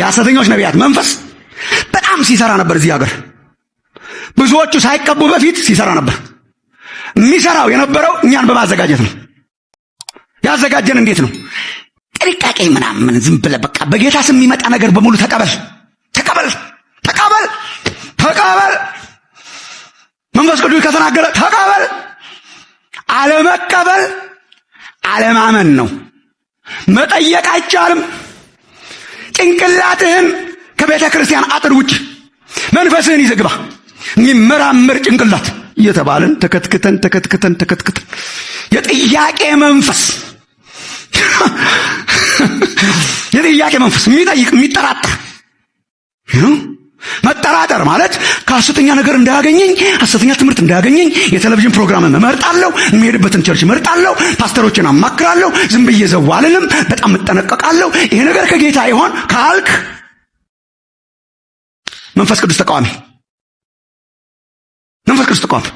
የሐሰተኞች ነቢያት መንፈስ በጣም ሲሰራ ነበር እዚህ ሀገር። ብዙዎቹ ሳይቀቡ በፊት ሲሰራ ነበር። የሚሰራው የነበረው እኛን በማዘጋጀት ነው። ያዘጋጀን እንዴት ነው? ጥንቃቄ ምናምን ዝም ብለህ በቃ በጌታ ስም የሚመጣ ነገር በሙሉ ተቀበል፣ ተቀበል፣ ተቀበል፣ ተቀበል። መንፈስ ቅዱስ ከተናገረ ተቀበል። አለመቀበል አለማመን ነው። መጠየቅ አይቻልም። ጭንቅላትህን ከቤተ ክርስቲያን አጥር ውጭ መንፈስህን ይዘግባ የሚመራመር ጭንቅላት እየተባለን ተከትክተን ተከትክተን ተከትክተን የጥያቄ መንፈስ የጥያቄ መንፈስ የሚጠይቅ የሚጠራጠር መጠራጠር ማለት ከሐሰተኛ ነገር እንዳያገኘኝ፣ ሐሰተኛ ትምህርት እንዳያገኘኝ የቴሌቪዥን ፕሮግራም እመርጣለሁ፣ የሚሄድበትን ቸርች እመርጣለሁ፣ ፓስተሮችን አማክራለሁ፣ ዝም ብዬ ዘው አልልም፣ በጣም እጠነቀቃለሁ። ይሄ ነገር ከጌታ ይሆን ካልክ መንፈስ ቅዱስ ተቃዋሚ፣ መንፈስ ቅዱስ ተቃዋሚ።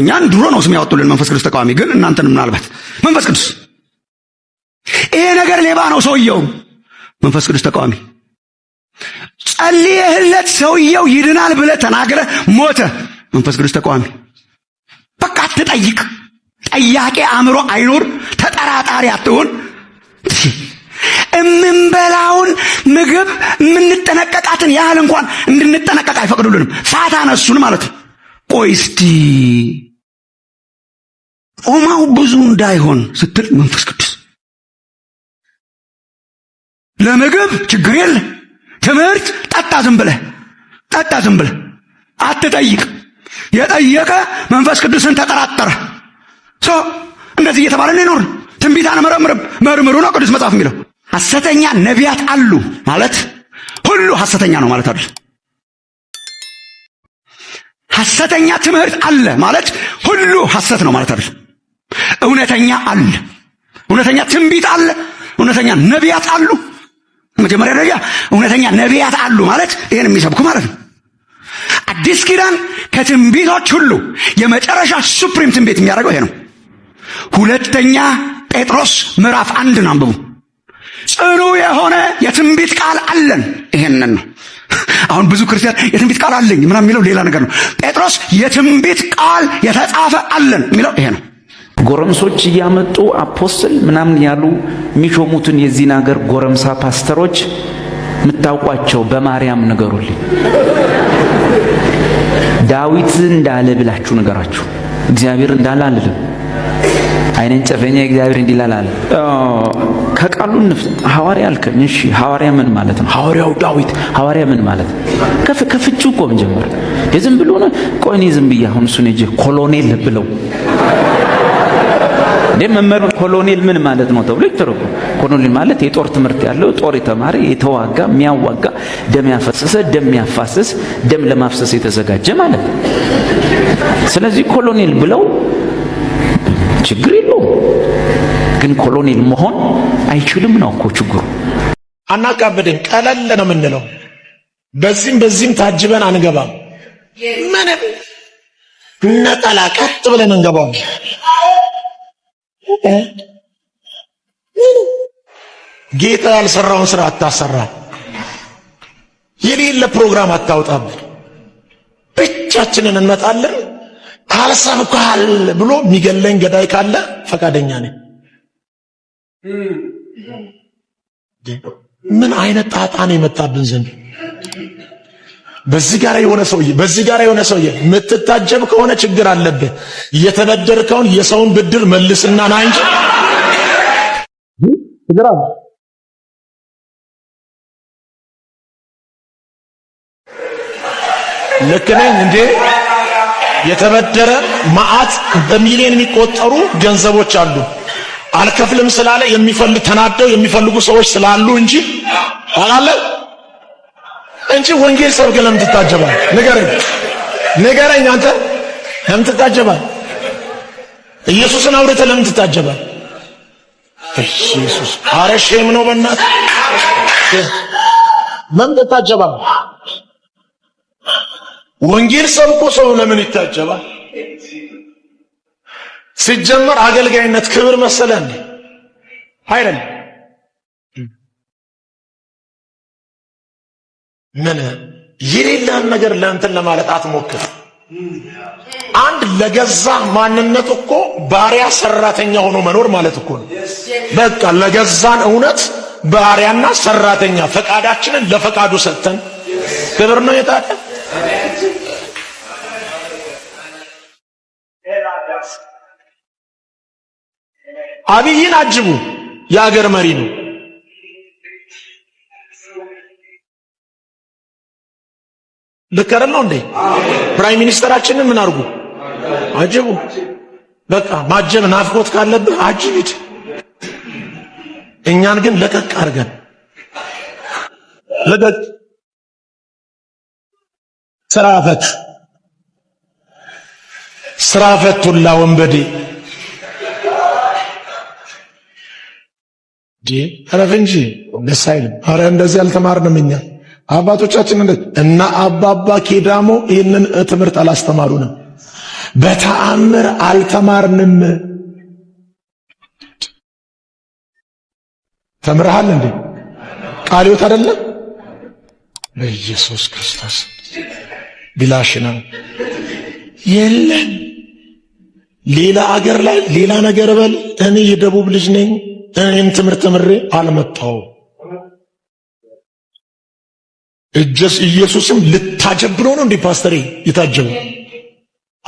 እኛን ድሮ ነው ስም ያወጡልን መንፈስ ቅዱስ ተቃዋሚ፣ ግን እናንተን ምናልባት መንፈስ ቅዱስ ይሄ ነገር ሌባ ነው ሰውየው መንፈስ ቅዱስ ተቃዋሚ ጸልየህለት ሰውየው ይድናል ብለ ተናግረ ሞተ። መንፈስ ቅዱስ ተቃዋሚ። በቃ አትጠይቅ። ጠያቄ አእምሮ አይኖር። ተጠራጣሪ አትሆን። እምንበላውን ምግብ የምንጠነቀቃትን ያህል እንኳን እንድንጠነቀቅ አይፈቅዱልንም። ፋታ ነሱን ማለት ነው። ቆይ እስቲ ብዙ እንዳይሆን ስትል መንፈስ ቅዱስ ለምግብ ችግር የለ ትምህርት ጠጣ፣ ዝም ብለህ ጠጣ፣ ዝም ብለህ አትጠይቅ። የጠየቀ መንፈስ ቅዱስን ተጠራጠረ። ሶ እንደዚህ እየተባለ ነው ይኖር። ትንቢት አንመረምርም፣ መርምሩ ነው ቅዱስ መጽሐፍ የሚለው። ሐሰተኛ ነቢያት አሉ ማለት ሁሉ ሐሰተኛ ነው ማለት አይደል። ሐሰተኛ ትምህርት አለ ማለት ሁሉ ሐሰት ነው ማለት አይደል። እውነተኛ አለ፣ እውነተኛ ትንቢት አለ፣ እውነተኛ ነቢያት አሉ። መጀመሪያ ደረጃ እውነተኛ ነቢያት አሉ ማለት ይህን የሚሰብኩ ማለት ነው። አዲስ ኪዳን ከትንቢቶች ሁሉ የመጨረሻ ሱፕሪም ትንቢት የሚያደርገው ይሄ ነው። ሁለተኛ ጴጥሮስ ምዕራፍ አንድ ነው አንብቡ። ጽኑ የሆነ የትንቢት ቃል አለን። ይሄንን ነው አሁን ብዙ ክርስቲያን የትንቢት ቃል አለኝ ምናምን የሚለው ሌላ ነገር ነው። ጴጥሮስ የትንቢት ቃል የተጻፈ አለን የሚለው ይሄ ነው። ጎረምሶች እያመጡ አፖስትል ምናምን ያሉ የሚሾሙትን የዚህን ሀገር ጎረምሳ ፓስተሮች የምታውቋቸው በማርያም ንገሩልኝ። ዳዊት እንዳለ ብላችሁ ንገራችሁ። እግዚአብሔር እንዳለ አልልም። አይነን ጨፈኛ እግዚአብሔር እንዲላል አለ። ከቃሉ ንፍ ሐዋርያ አልከኝ። እሺ ሐዋርያ ምን ማለት ነው? ሐዋርያው ዳዊት ሐዋርያ ምን ማለት ከፍ ከፍቹ እኮ ጀመር የዝም ብሎ ነው። ቆይ እኔ ዝም ብዬ አሁን እሱን ሂጅ ኮሎኔል ብለው እንዴ መምህር ኮሎኔል ምን ማለት ነው ተብሎ ይተረጎም። ኮሎኔል ማለት የጦር ትምህርት ያለው ጦር የተማረ የተዋጋ የሚያዋጋ ደም ያፈሰሰ ደም ያፋሰስ ደም ለማፍሰስ የተዘጋጀ ማለት ስለዚህ ኮሎኔል ብለው ችግር የለውም። ግን ኮሎኔል መሆን አይችልም ነው እኮ ችግሩ። አናቃብድም፣ ቀለል ነው የምንለው። በዚህም በዚህም ታጅበን አንገባም። ምንም ነጠላ ቀጥ ብለን እንገባው ጌታ ያልሰራውን ስራ አታሰራ። የሌለ ፕሮግራም አታውጣብን። ብቻችንን እንመጣለን። ካልሰብኳል ብሎ የሚገለኝ ገዳይ ካለ ፈቃደኛ ነኝ። ምን አይነት ጣጣን የመጣብን ዘንድ በዚህ ጋር የሆነ ሰውዬ በዚህ ጋር የሆነ ሰውዬ የምትታጀብ ከሆነ ችግር አለብህ። የተበደርከውን የሰውን ብድር መልስና ና እንጂ ችግር አለ። ልክ ነኝ እንዴ? የተበደረ መዓት በሚሊዮን የሚቆጠሩ ገንዘቦች አሉ። አልከፍልም ስላለ የሚፈልግ ተናደው የሚፈልጉ ሰዎች ስላሉ እንጂ አላለም። እንጂ ወንጌል ሰብከህ ለምን ትታጀባለህ? ንገረኝ ንገረኝ። አንተ ለምን ትታጀባለህ? ኢየሱስን አውርተህ ለምን ትታጀባለህ? ኢየሱስ አረ ሼም ነው። በእናትህ ለምን ትታጀባለህ? ወንጌል ሰብኮ ሰው ለምን ይታጀባል? ሲጀመር አገልጋይነት ክብር መሰለህ እንዴ? አይደለም። ምን የሌላን ነገር ለእንትን ለማለት አትሞክር። አንድ ለገዛ ማንነት እኮ ባሪያ ሰራተኛ ሆኖ መኖር ማለት እኮ ነው። በቃ ለገዛን እውነት ባሪያና ሰራተኛ ፈቃዳችንን ለፈቃዱ ሰጥተን ክብር ነው የታለ አብይን አጅቡ የአገር መሪ ነው። ልክ አይደል ነው እንዴ? ፕራይም ሚኒስተራችንን ምን አርጉ አጅቡ። በቃ ማጀብ ናፍቆት ካለብህ አጅብት። እኛን ግን ለቀቅ አድርገን ለቀቅ ስራ ፈት ስራ ፈቱላ ወንበዴ ዲ አረፈንጂ እንጂ ደስ አይልም። አረ እንደዚህ አልተማርንም እኛ። አባቶቻችን እና አባባ ኬዳሞ ይህንን ትምህርት አላስተማሩንም፣ በተአምር አልተማርንም። ተምርሃል እንዴ? ቃልዮት አይደለም። በኢየሱስ ክርስቶስ ቢላሽ ነው የለን። ሌላ አገር ላይ ሌላ ነገር በል። እኔ የደቡብ ልጅ ነኝ፣ እኔን ትምህርት ምሬ አልመጣሁም። ኢየሱስም ልታጀብሮ ነው እንዲ ፓስተሬ? የታጀበው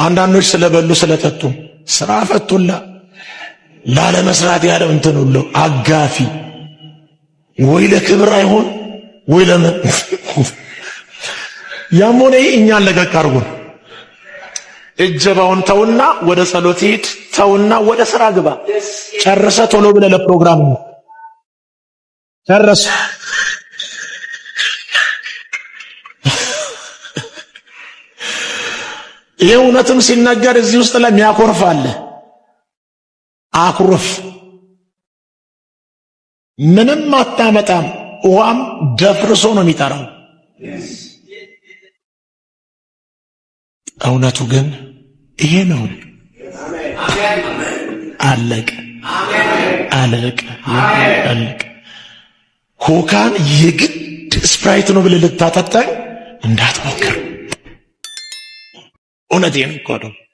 አንዳንዶች ስለበሉ ስለጠጡ ስራ ፈቶላ ላለመስራት ያለው እንትን ሁሉ አጋፊ ወይ ለክብር አይሆን ወይ ለምን ያም ሆነ እኛ ለቀቅ አድርጉን። እጀባውን ተውና ወደ ጸሎት ሂድ፣ ተውና ወደ ስራ ግባ። ጨርሰ ቶሎ ብለ ለፕሮግራም ነው ጨርሰ ይሄ እውነትም ሲነገር እዚህ ውስጥ ለሚያኮርፍ አለ። አኩርፍ፣ ምንም አታመጣም፣ ውሃም ደፍርሶ ነው የሚጠራው። እውነቱ ግን ይሄ ነው። አለቅ አለቅ አለቅ። ኮካን የግድ ስፕራይት ነው ብለህ ልታጠጣኝ እንዳትሞክር። uno tiene un coro.